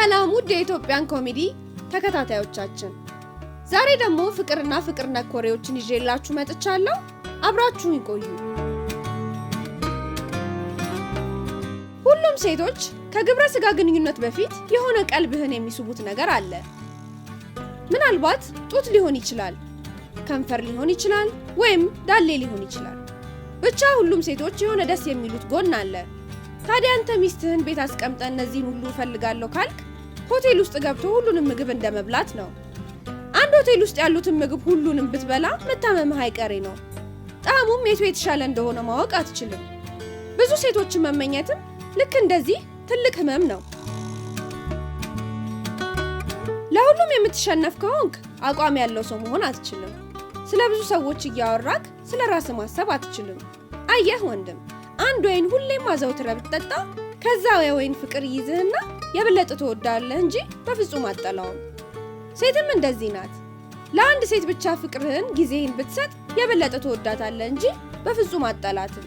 ሰላም ውድ የኢትዮጵያን ኮሜዲ ተከታታዮቻችን፣ ዛሬ ደግሞ ፍቅርና ፍቅር ነክ ወሬዎችን ይዤላችሁ መጥቻለሁ። አብራችሁን ይቆዩ። ሁሉም ሴቶች ከግብረ ስጋ ግንኙነት በፊት የሆነ ቀልብህን የሚስቡት ነገር አለ። ምናልባት ጡት ሊሆን ይችላል፣ ከንፈር ሊሆን ይችላል፣ ወይም ዳሌ ሊሆን ይችላል። ብቻ ሁሉም ሴቶች የሆነ ደስ የሚሉት ጎን አለ። ታዲያ አንተ ሚስትህን ቤት አስቀምጠ እነዚህን ሁሉ እፈልጋለሁ ካልክ ሆቴል ውስጥ ገብቶ ሁሉንም ምግብ እንደ መብላት ነው። አንድ ሆቴል ውስጥ ያሉትን ምግብ ሁሉንም ብትበላ መታመምህ አይቀሬ ነው። ጣዕሙም የቱ የተሻለ እንደሆነ ማወቅ አትችልም። ብዙ ሴቶችን መመኘትም ልክ እንደዚህ ትልቅ ህመም ነው። ለሁሉም የምትሸነፍ ከሆንክ አቋም ያለው ሰው መሆን አትችልም። ስለ ብዙ ሰዎች እያወራክ ስለ ራስህ ማሰብ አትችልም። አየህ ወንድም፣ አንድ ወይን ሁሌም አዘውትረህ ብትጠጣ ከዛ የወይን ፍቅር ይይዝህና የበለጠ ትወዳለህ እንጂ በፍጹም አጠላውም። ሴትም እንደዚህ ናት። ለአንድ ሴት ብቻ ፍቅርህን፣ ጊዜህን ብትሰጥ የበለጠ ትወዳታለህ እንጂ በፍጹም አጠላትም።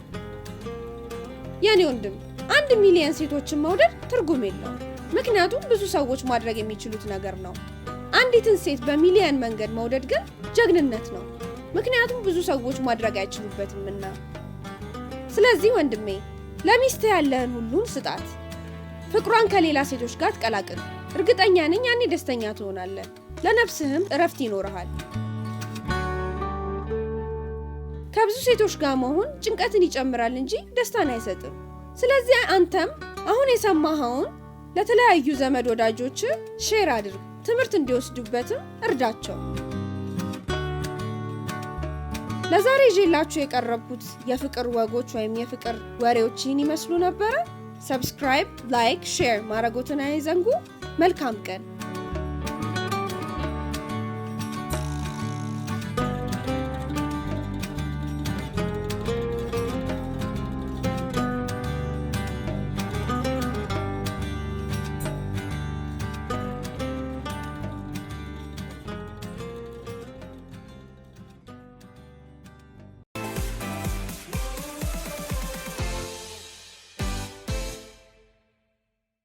የኔ ወንድም አንድ ሚሊዮን ሴቶችን መውደድ ትርጉም የለው ምክንያቱም ብዙ ሰዎች ማድረግ የሚችሉት ነገር ነው። አንዲትን ሴት በሚሊዮን መንገድ መውደድ ግን ጀግንነት ነው። ምክንያቱም ብዙ ሰዎች ማድረግ አይችሉበትምና። ስለዚህ ወንድሜ ለሚስትህ ያለህን ሁሉን ስጣት። ፍቅሯን ከሌላ ሴቶች ጋር አትቀላቅል። እርግጠኛ ነኝ ያኔ ደስተኛ ትሆናለህ፣ ለነፍስህም እረፍት ይኖርሃል። ከብዙ ሴቶች ጋር መሆን ጭንቀትን ይጨምራል እንጂ ደስታን አይሰጥም። ስለዚህ አንተም አሁን የሰማኸውን ለተለያዩ ዘመድ ወዳጆች ሼር አድርግ፣ ትምህርት እንዲወስዱበትም እርዳቸው። ለዛሬ ይዤላችሁ የቀረብኩት የፍቅር ወጎች ወይም የፍቅር ወሬዎች ይህን ይመስሉ ነበር? ሰብስክራይብ፣ ላይክ፣ ሼር ማድረጎትን አይዘንጉ። መልካም ቀን